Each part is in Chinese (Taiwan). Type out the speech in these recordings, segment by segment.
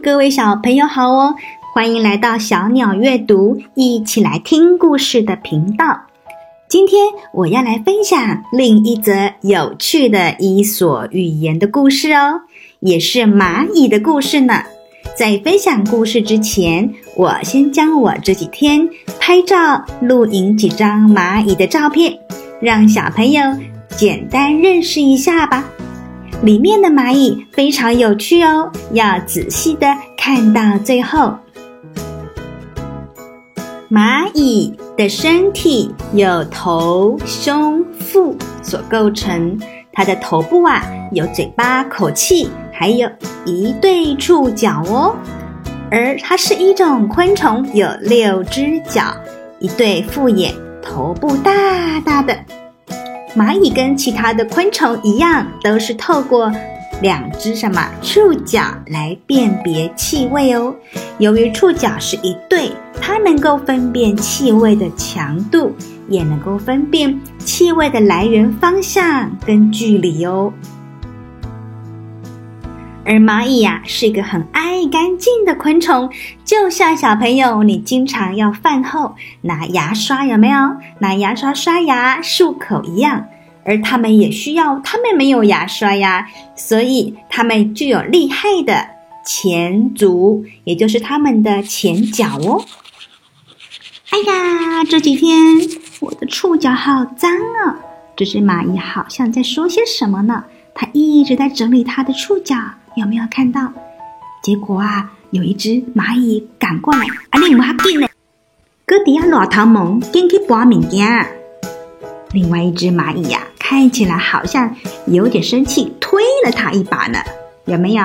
各位小朋友好哦，歡迎來到小鳥閱讀，一起來聽故事的頻道。今天我要來分享另一則有趣的伊索寓言的故事哦，也是螞蟻的故事呢。在分享故事之前，我先將我這幾天拍照、錄影幾張螞蟻的照片，讓小朋友簡單認識一下吧。裡面的螞蟻非常有趣哦，要仔細的看到最後。螞蟻的身體由頭、胸、腹所構成，它的頭部啊有嘴巴、口器，還有一對觸角哦。而它是一種昆蟲，有六隻腳，一對複眼，頭部大大的。螞蟻跟其他的昆蟲一樣，都是透過兩隻什麼觸角來辨別氣味哦。由於觸角是一對，它能夠分辨氣味的強度，也能夠分辨氣味的來源方向跟距離哦。而螞蟻呀、啊，是一個很愛乾淨的昆蟲，就像小朋友，你經常要飯後拿牙刷，有沒有？拿牙刷刷牙、漱口一樣。而它們也需要，它們沒有牙刷呀，所以它們具有厲害的前足，也就是它們的前腳哦。哎呀，這幾天我的觸角好髒啊、哦！這只螞蟻好像在說些什麼呢？它一直在整理它的觸角。有沒有看到？結果啊，有一只螞蟻趕過來，啊，你唔好緊嘞，哥啲啊熱頭毛，你、啊、去搬面羹。另外一只螞蟻呀、啊，看起來好像有點生氣，推了它一把呢。有沒有？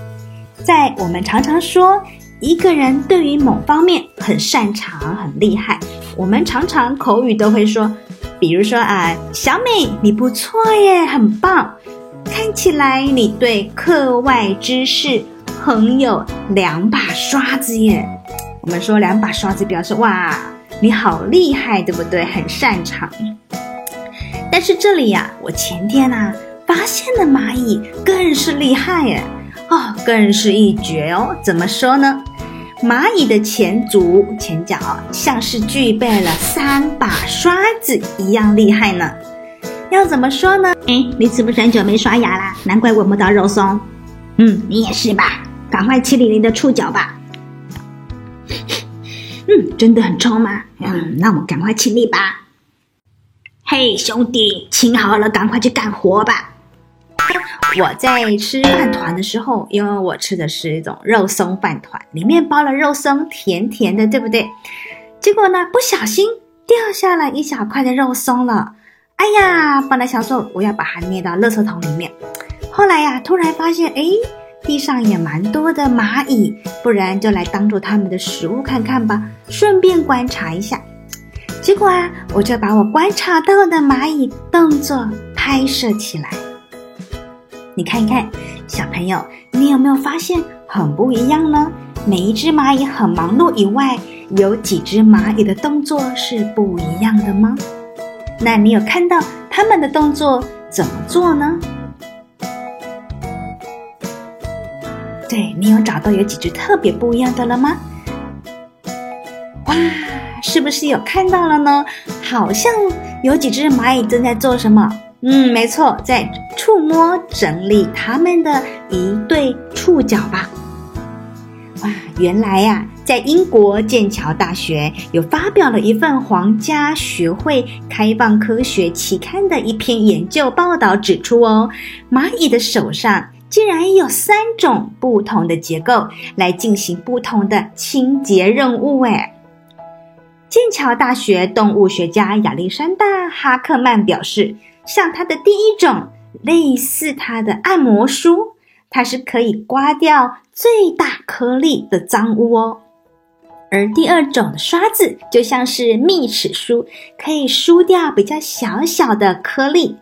在我們常常說，一個人對於某方面很擅長、很厲害，我們常常口語都會說，比如說啊，小美，你不錯耶，很棒。看起來你對課外知識很有兩把刷子耶！我們說兩把刷子表示哇，你好厲害，對不對？很擅長。但是這裡呀、啊，我前天吶、啊、發現了螞蟻更是厲害耶！哦，更是一絕哦！怎麼說呢？螞蟻的前足、前腳像是具備了三把刷子一樣厲害呢。要怎麼說呢？哎，你是不是很久沒刷牙啦？難怪聞不到肉鬆。嗯，你也是吧。趕快清理你的觸角吧。 嗯，真的很臭嗎？嗯，那我們趕快清理吧。嘿，hey, 兄弟，清好了，趕快去幹活吧。我在吃飯糰的時候，因為我吃的是一種肉鬆飯糰，裡面包了肉鬆，甜甜的，對不對？結果呢，不小心掉下來一小塊的肉鬆了。哎呀，本來想說我要把它捏到垃圾桶裡面，後來呀、啊，突然發現，哎，地上也蠻多的螞蟻，不然就來當做他們的食物看看吧，順便觀察一下。結果啊，我就把我觀察到的螞蟻動作拍攝起來。你看一看，小朋友，你有沒有發現很不一樣呢？每一隻螞蟻很忙碌以外，有幾隻螞蟻的動作是不一樣的嗎？那你有看到他們的動作怎麼做呢？對，你有找到有幾隻特別不一樣的了嗎？哇，是不是有看到了呢？好像有幾隻螞蟻正在做什麼？嗯，沒錯，在觸摸整理它們的一對觸角吧。哇，原來呀、啊。在英國劍橋大學有發表了一份皇家學會開放科學期刊的一篇研究報道，指出哦，螞蟻的手上竟然有三種不同的結構來進行不同的清潔任務。誒，劍橋大學動物學家亞歷山大·哈克曼表示，像它的第一種，類似它的按摩梳，它是可以刮掉最大顆粒的髒污哦。而第二種的刷子就像是密齒梳，可以梳掉比較小小的顆粒；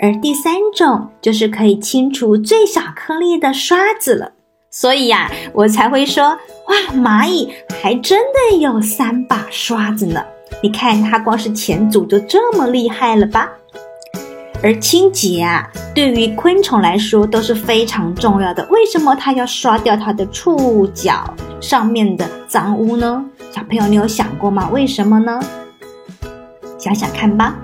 而第三種就是可以清除最小顆粒的刷子了。所以呀，我才會說：哇，螞蟻還真的有三把刷子呢！你看它光是前足就這麼厲害了吧？而清潔啊，對於昆蟲來說都是非常重要的。為什麼它要刷掉它的觸角上面的髒污呢？小朋友，你有想過嗎？為什麼呢？想想看吧。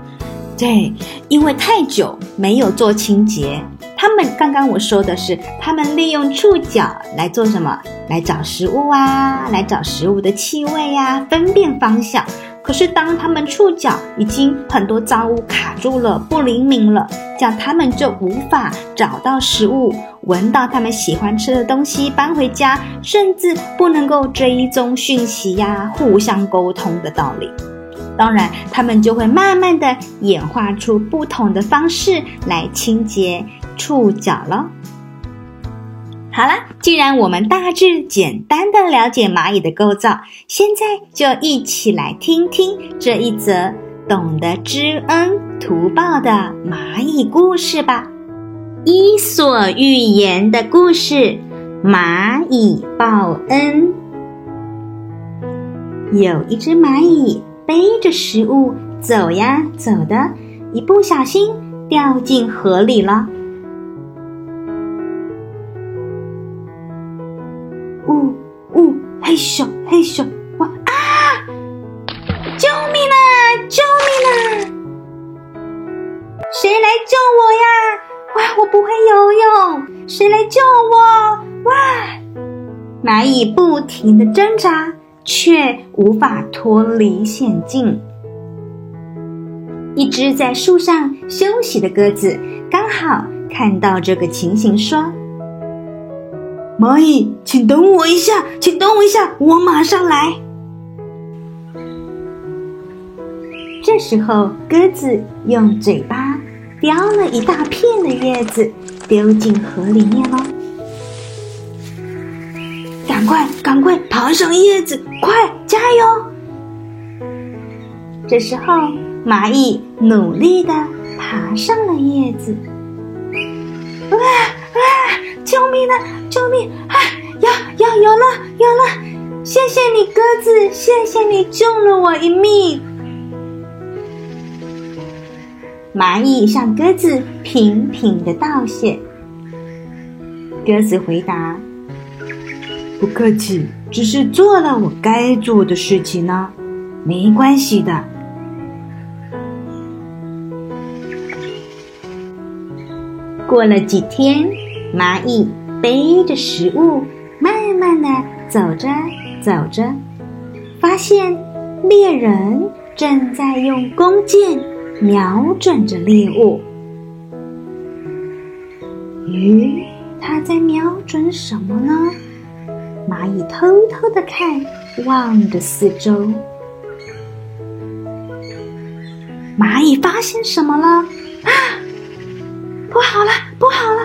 對，因為太久沒有做清潔。他們剛剛我說的是，他們利用觸角來做什麼？來找食物啊，來找食物的氣味呀啊，分辨方向。可是，當它們觸角已經很多髒物卡住了，不靈敏了，這樣它們就無法找到食物，聞到它們喜歡吃的東西搬回家，甚至不能夠追蹤訊息呀，互相溝通的道理。當然，它們就會慢慢的演化出不同的方式來清潔觸角了。好啦，既然我們大致簡單的了解螞蟻的構造，現在就一起來聽聽這一則懂得知恩圖報的螞蟻故事吧，《伊索寓言》的故事——螞蟻報恩。有一隻螞蟻背着食物走呀走的，一不小心掉進河裡了。嗚嗚，嘿咻，嘿咻，哇啊！救命了，救命了！誰來救我呀？哇，我不會游泳，誰來救我？哇！螞蟻不停地掙扎，卻無法脫離險境。一只在樹上休息的鴿子剛好看到這個情形，說。螞蟻，請等我一下，請等我一下，我馬上來。這時候，鴿子用嘴巴叼了一大片的葉子，丟進河裡面了喔。趕快，趕快爬上葉子，快加油！這時候，螞蟻努力地爬上了葉子。救命了、啊！救命啊，有有有了有了！謝謝你，鴿子，謝謝你救了我一命。螞蟻向鴿子頻頻的道謝。鴿子回答：“不客氣，只是做了我該做的事情呢，沒關係的。”過了幾天。螞蟻背着食物，慢慢的走着走着發現獵人正在用弓箭瞄準着獵物咦、嗯，他在瞄準什麼呢？螞蟻偷偷的看，望着四周。螞蟻發現什麼了？啊，不好了，不好了！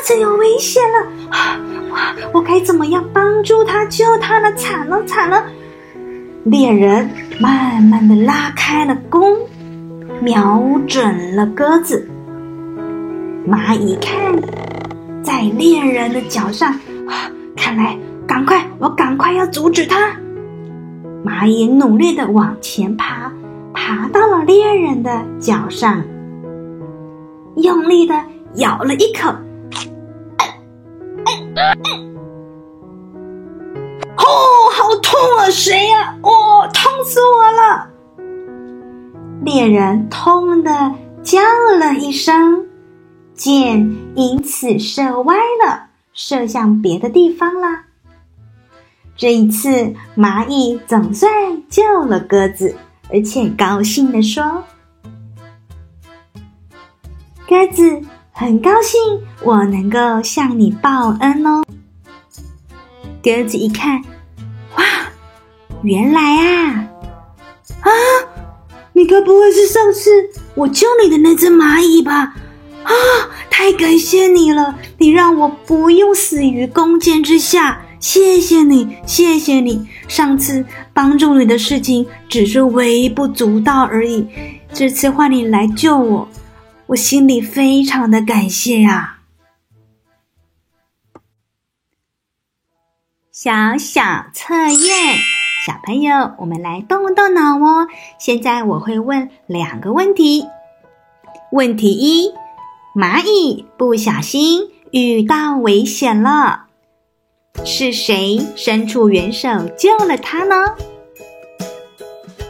鴿子有危險了！我、啊、我該怎麼樣幫助它救它呢？慘了慘了！獵人慢慢的拉開了弓，瞄準了鴿子。螞蟻看在獵人的腳上，啊、看來趕快我趕快要阻止他。螞蟻努力的往前爬，爬到了獵人的腳上，用力的咬了一口。哦，嗯 oh, 好痛啊！誰呀、啊？哦、oh，痛死我了！獵人痛的叫了一聲，箭因此射歪了，射向別的地方了。這一次，螞蟻總算救了鴿子，而且高興地說：“鴿子。”很高興我能夠向你報恩哦。鴿子一看，哇，原來啊，啊，你該不會是上次我救你的那隻螞蟻吧？啊，太感謝你了！你讓我不用死於弓箭之下，謝謝你，謝謝你。上次幫助你的事情只是微不足道而已，這次換你來救我。我心裡非常的感謝呀、啊！小小測驗，小朋友，我們來動動腦哦。現在我會問兩個問題。問題一：螞蟻不小心遇到危險了，是誰伸出援手救了它呢？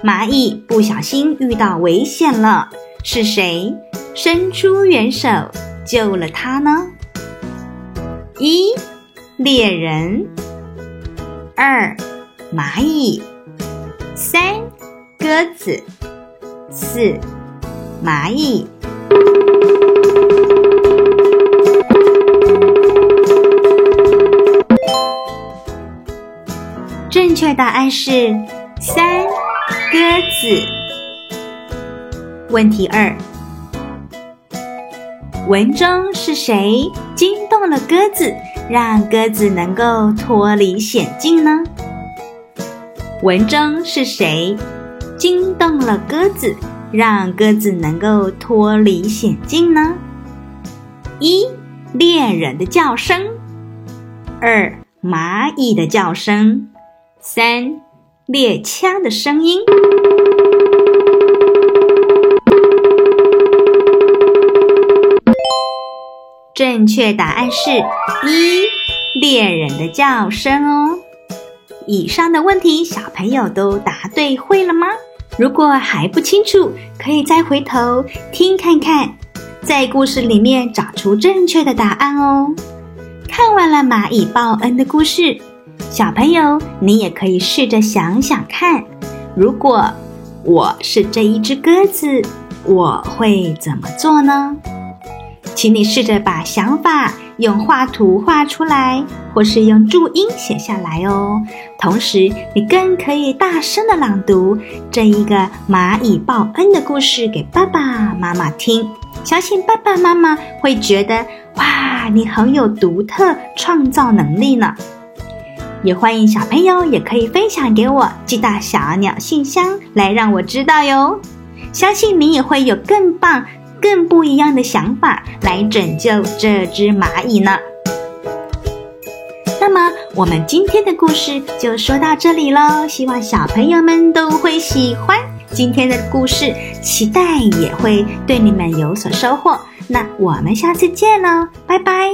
螞蟻不小心遇到危險了，是誰？伸出援手救了他呢？一、獵人，二、螞蟻，三、鴿子，四、螞蟻。正確答案是三，鴿子。問題二。文中是誰驚動了鴿子，讓鴿子能夠脫離險境呢？文中是誰驚動了鴿子，讓鴿子能夠脫離險境呢？一、獵人的叫聲，二、螞蟻的叫聲，三、獵槍的聲音。正確答案是一，獵人的叫聲哦。以上的問題，小朋友都答對會了嗎？如果還不清楚，可以再回頭聽看看，在故事裡面找出正確的答案哦。看完了螞蟻報恩的故事，小朋友你也可以試着想想看，如果我是這一隻鴿子，我會怎麼做呢？請你試着把想法用畫圖畫出來，或是用注音寫下來哦。同時，你更可以大聲的朗讀這一個螞蟻報恩的故事給爸爸媽媽聽。相信爸爸媽媽會覺得哇，你很有獨特創造能力呢。也歡迎小朋友也可以分享給我，寄到小鳥信箱來讓我知道喲。相信你也會有更棒，更不一樣的想法來拯救這隻螞蟻呢？那麼我們今天的故事就說到這裡嘍，希望小朋友們都會喜歡今天的故事，期待也會對你們有所收穫。那我們下次見嘍，拜拜。